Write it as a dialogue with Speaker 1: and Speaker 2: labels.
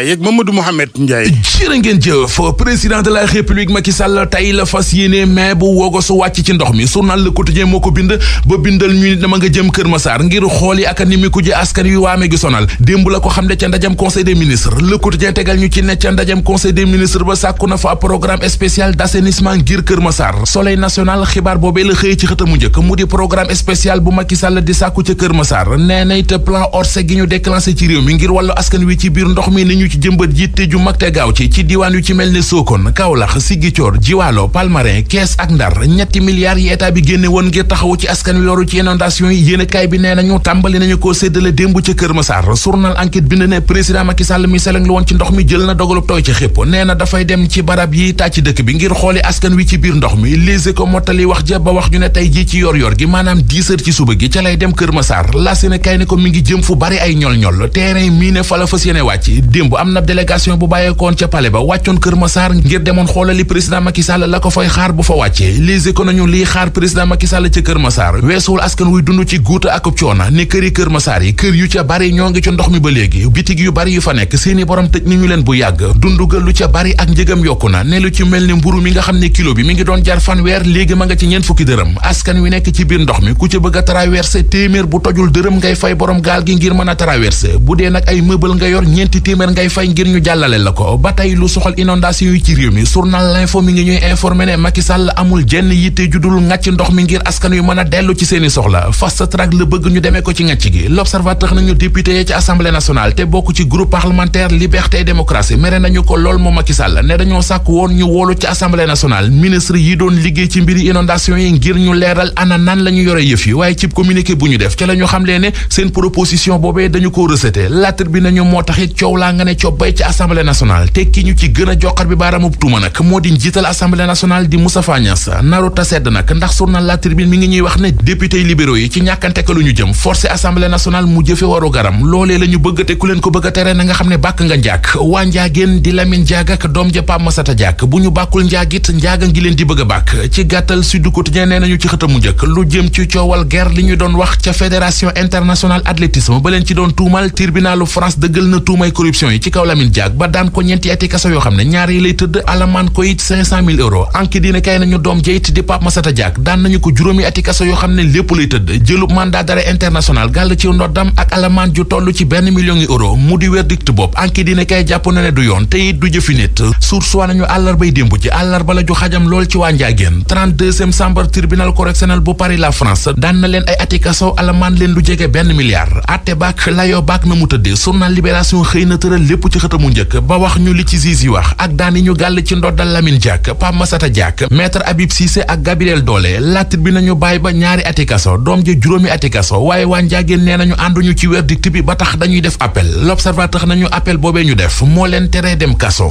Speaker 1: Ndiaye ak Mamadou Mouhamed Ndiaye jërë ngeen jëf président de la république Macky Sall tey la fas yéene mais bu wogo wàcc ci ndox mi journal Le moo ko bind ba bindal ñu dama nga jëm Kër Massar ngir xool yi ak ji askan wi waame gi démb la ko xam ne ca ndajam conseil des ministres Le tegal ñu ci ne ca ndajam conseil des ministres ba sàkku na fa programme spécial d'assainissement ngir Kër Massar Soleil national xibaar boobee la ci jëmbat te ju mag te gaaw ci ci diiwaan yu ci mel ne Sokone Kaolack Ziguinchor Jiwaalo Palmarin Kees ak Ndar ñetti milliards yi état bi génne woon ngir taxawu ci askan wi loru ci inondation yi kaay bi nee nañu tàmbali nañu koo séddale démb ca Kër ma Massar journal enquête bi ne ne président Macky Sall mi seleng lu woon ci ndox mi jël na dogalub tooy ci xépp nee na dafay dem ci barab yi tàcc dëkk bi ngir xooli askan wi ci biir ndox mi lise ko mottali wax ba wax ñu ne tey ji ci yor yor gi maanaam dix heures suba gi lay dem Kër Massar la seen kay ne ko mi ngi jëm fu bari ay ñol-ñol terrain mii ne fa la fas yéene am na délégation bu bàyyeekoon ca palais ba wàccoon Kër Massar ngir demoon xoolali président Macky Sall la ko fay xaar bu fa wàccee les économies liy xaar président Macky Sall ca Kër Massar weesuwul askan wuy dund ci guuta ak coona ne kër yi Kër Massar yi kër yu ca bari ñoo ngi ci ndox mi ba léegi bitig yu bari yu fa nekk seeni borom tëj ni ñu leen bu yàgg dundu ga lu ca bari ak njëgam yokk na ne lu ci mel ni mburu mi nga xam ne kilo bi mi ngi doon jar fanweer léegi ma nga ci ñeent fukki dërëm askan wi nekk ci biir ndox mi ku ca bëgg a traversé téeméer bu tojul dërëm ngay fay borom gaal gi ngir mën a traversé bu dee nag ay mëbal nga yor ñeenti téeméer ngay fay ngir ñu jàllale la ko ba tey lu soxal inondation ngi ñuy informé ne Macky Sall amul a dellu ci seeni soxla fast track la bëgg ñu demee ko ci ngàcc gi l'observateur nañu député ya ci assemblée nationale te bokk ci groupe parlementaire liberté démocratie mere nañu ko lool moom Macky ne dañoo sàkk woon ñu woolu ci assemblée nationale ministre yi doon liggéey ci mbiri inondation yi ngir ñu leeral ana nan yore yëf yi waaye cib communiqué bu ñu def ca la ñu xam lee seen proposition boobee dañu ko rejeté lettre bi nañu moo taxit coow laa nga ne cobbay ci assemblée nationale te ki ñu ci gën a joxar bi baaraamub tuuma nag moo di njiital assemblée nationale di Moustapha Niasse naru ta sedd nag ndax journal La Tribune mi ngi ñuy wax ne député libéraux yi ci ñàkkante ka lu ñu jëm forcé assemblée nationale mu jëfe waru garam loolee bëgg te ku leen ko bëgg a tere na xam ne bàkk nga njaag waa njaageen di Lamine Njaag doom ja Pape Massata bu ñu bàkkul njaag it ngi leen di bëgg a bàkk ci ci kaw Lamine Diack ba daan ko ñeenti ati kaso yoo xam ne ñaar yi lay tëdd alamaan ko it cinq cent mille euros enquête dina kay nañu doom jayit di Pape Massata Diack daan nañu ko juróomi ati yoo xam ne lépp lay tëdd jëlub mandat d'arrêt international gàll ci ndoddam ak alamaan ju toll ci benn million yi euro mu di verdict bopp enquête dina kay jàpp na ne du yoon te it du jëfi nit source nañu àllarbay démb ji àllarba la ju xajam lool ci waa Njaageen 32e chambre tribunal correctionnel na leen ay ati kaso alamaan leen benn milliard atte baak layoo na mu tëddee journal Libération xëy lépp ci xëtamu njëkk ba wax ñu li ci zizi wax ak daan yi ñu gàll ci ndoddal Lamine Diack Pape Massata Diack maître Habib Cissé ak Gabriel doole latit bi nañu bàyyi ba ñaari ati doom ja juróomi ati kaso waaye waa Njaageen nee nañu ànduñu ci verdict bi ba tax dañuy def appel l'observateur nañu appel boobee ñu def moo leen teree dem kaso